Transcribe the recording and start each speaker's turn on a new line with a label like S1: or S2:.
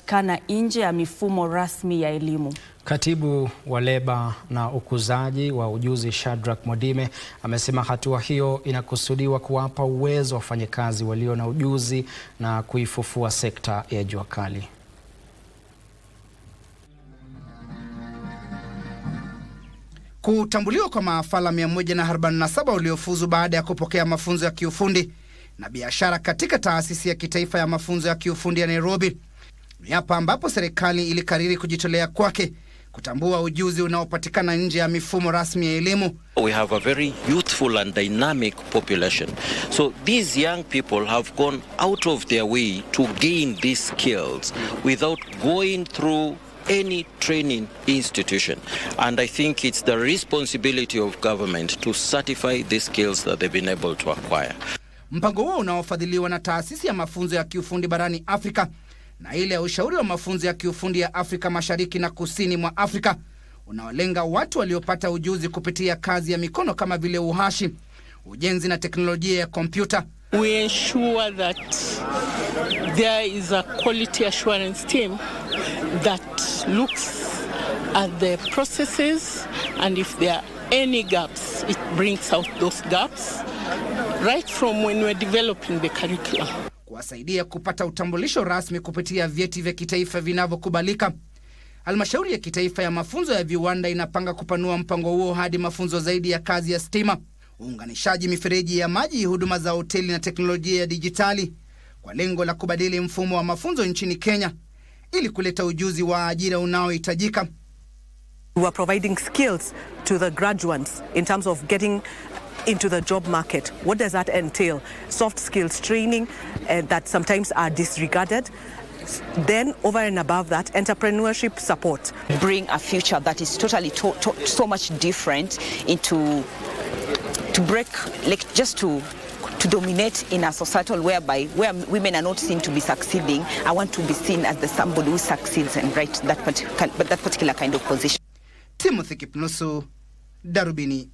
S1: kupatikana nje ya mifumo rasmi ya elimu.
S2: Katibu wa leba na ukuzaji wa ujuzi Shadrack Mwadime amesema hatua hiyo inakusudiwa kuwapa uwezo wa wafanyakazi walio na ujuzi na kuifufua sekta ya jua kali.
S3: Kutambuliwa kwa maafala 147 waliofuzu baada ya kupokea mafunzo ya kiufundi na biashara katika taasisi ya kitaifa ya mafunzo ya kiufundi ya Nairobi ni hapa ambapo serikali ilikariri kujitolea kwake kutambua ujuzi unaopatikana nje ya mifumo rasmi ya elimu.
S4: We have a very youthful and dynamic population. So these young people have gone out of their way to gain these skills without going through any training institution. And I think it's the responsibility of government to certify the skills that they've been able to acquire.
S3: Mpango huo unaofadhiliwa na taasisi ya mafunzo ya kiufundi barani Afrika na ile ya ushauri wa mafunzo ya kiufundi ya Afrika Mashariki na Kusini mwa Afrika unaolenga watu waliopata ujuzi kupitia kazi ya mikono kama vile uhashi, ujenzi na teknolojia ya kompyuta.
S5: We ensure that there is a quality assurance team that looks at the processes and if there are any gaps, it brings out those gaps right from when we're developing the curriculum
S3: kuwasaidia kupata utambulisho rasmi kupitia vyeti vya kitaifa vinavyokubalika. Halmashauri ya kitaifa ya mafunzo ya viwanda inapanga kupanua mpango huo hadi mafunzo zaidi ya kazi ya stima, uunganishaji mifereji ya maji, huduma za hoteli na teknolojia ya dijitali kwa lengo la kubadili mfumo wa mafunzo nchini Kenya ili kuleta ujuzi wa ajira unaohitajika.
S6: We are providing skills to the graduates in terms of getting into the job market. What does that entail? Soft skills training uh, that sometimes are disregarded. Then, over and above that, entrepreneurship support.
S7: Bring a future that is totally to to so much different into to break, like just to to dominate in a societal whereby where women are not seen to be succeeding. I want to be seen as the somebody who succeeds and right that particular, that particular kind of position.
S3: Timothy Kipnosu, Darubini